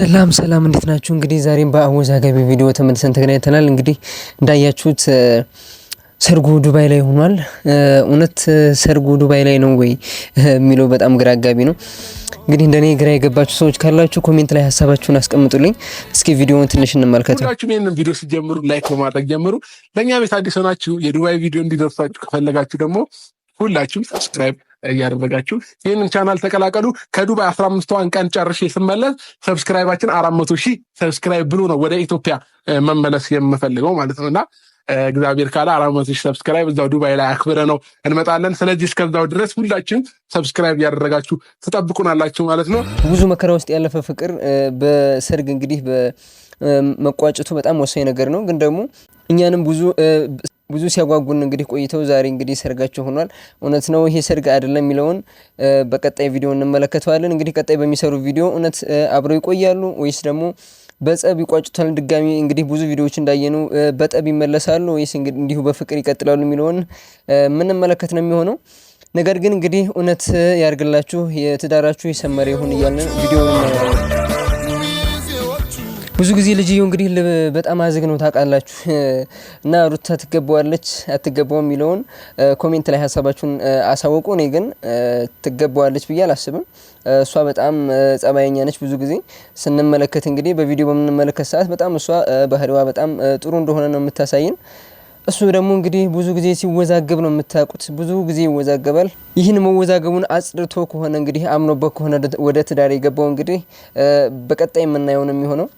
ሰላም ሰላም፣ እንዴት ናችሁ? እንግዲህ ዛሬም በአወዛጋቢ ቪዲዮ ተመልሰን ተገናኝተናል። እንግዲህ እንዳያችሁት ሰርጉ ዱባይ ላይ ሆኗል። እውነት ሰርጉ ዱባይ ላይ ነው ወይ የሚለው በጣም ግራ አጋቢ ነው። እንግዲህ እንደኔ ግራ የገባችሁ ሰዎች ካላችሁ ኮሜንት ላይ ሀሳባችሁን አስቀምጡልኝ። እስኪ ቪዲዮውን ትንሽ እንመልከት። ሁላችሁም ይህንን ቪዲዮ ሲጀምሩ ላይክ በማድረግ ጀምሩ። ለእኛ ቤት አዲስ ሆናችሁ የዱባይ ቪዲዮ እንዲደርሳችሁ ከፈለጋችሁ ደግሞ ሁላችሁም ሰብስክራይብ እያደረጋችሁ ይህንን ቻናል ተቀላቀሉ። ከዱባይ አስራ አምስተዋን ቀን ጨርሼ ስመለስ ሰብስክራይባችን አራት መቶ ሺህ ሰብስክራይብ ብሎ ነው ወደ ኢትዮጵያ መመለስ የምፈልገው ማለት ነው እና እግዚአብሔር ካለ አራት መቶ ሺህ ሰብስክራይብ እዛው ዱባይ ላይ አክብረ ነው እንመጣለን። ስለዚህ እስከዛው ድረስ ሁላችሁም ሰብስክራይብ እያደረጋችሁ ትጠብቁናላችሁ ማለት ነው። ብዙ መከራ ውስጥ ያለፈ ፍቅር በሰርግ እንግዲህ መቋጨቱ በጣም ወሳኝ ነገር ነው። ግን ደግሞ እኛንም ብዙ ብዙ ሲያጓጉን እንግዲህ ቆይተው ዛሬ እንግዲህ ሰርጋቸው ሆኗል። እውነት ነው ይሄ ሰርግ አይደለም የሚለውን በቀጣይ ቪዲዮ እንመለከተዋለን። እንግዲህ ቀጣይ በሚሰሩ ቪዲዮ እውነት አብረው ይቆያሉ ወይስ ደግሞ በጸብ ይቋጭቷል? ድጋሚ እንግዲህ ብዙ ቪዲዮዎች እንዳየኑ በጠብ ይመለሳሉ ወይስ እንዲሁ በፍቅር ይቀጥላሉ የሚለውን ምንመለከት ነው የሚሆነው። ነገር ግን እንግዲህ እውነት ያርግላችሁ፣ የትዳራችሁ የሰመረ ይሁን እያለን ቪዲዮ ብዙ ጊዜ ልጅየው እንግዲህ በጣም አዝግ ነው ታውቃላችሁ። እና ሩታ ትገባዋለች አትገባው የሚለውን ኮሜንት ላይ ሀሳባችሁን አሳውቁ። እኔ ግን ትገባዋለች ብዬ አላስብም። እሷ በጣም ጸባየኛ ነች። ብዙ ጊዜ ስንመለከት እንግዲህ በቪዲዮ በምንመለከት ሰዓት በጣም እሷ ባህሪዋ በጣም ጥሩ እንደሆነ ነው የምታሳይን። እሱ ደግሞ እንግዲህ ብዙ ጊዜ ሲወዛገብ ነው የምታውቁት። ብዙ ጊዜ ይወዛገባል። ይህን መወዛገቡን አጽድቶ ከሆነ እንግዲህ አምኖበት ከሆነ ወደ ትዳር የገባው እንግዲህ በቀጣይ የምናየው ነው የሚሆነው።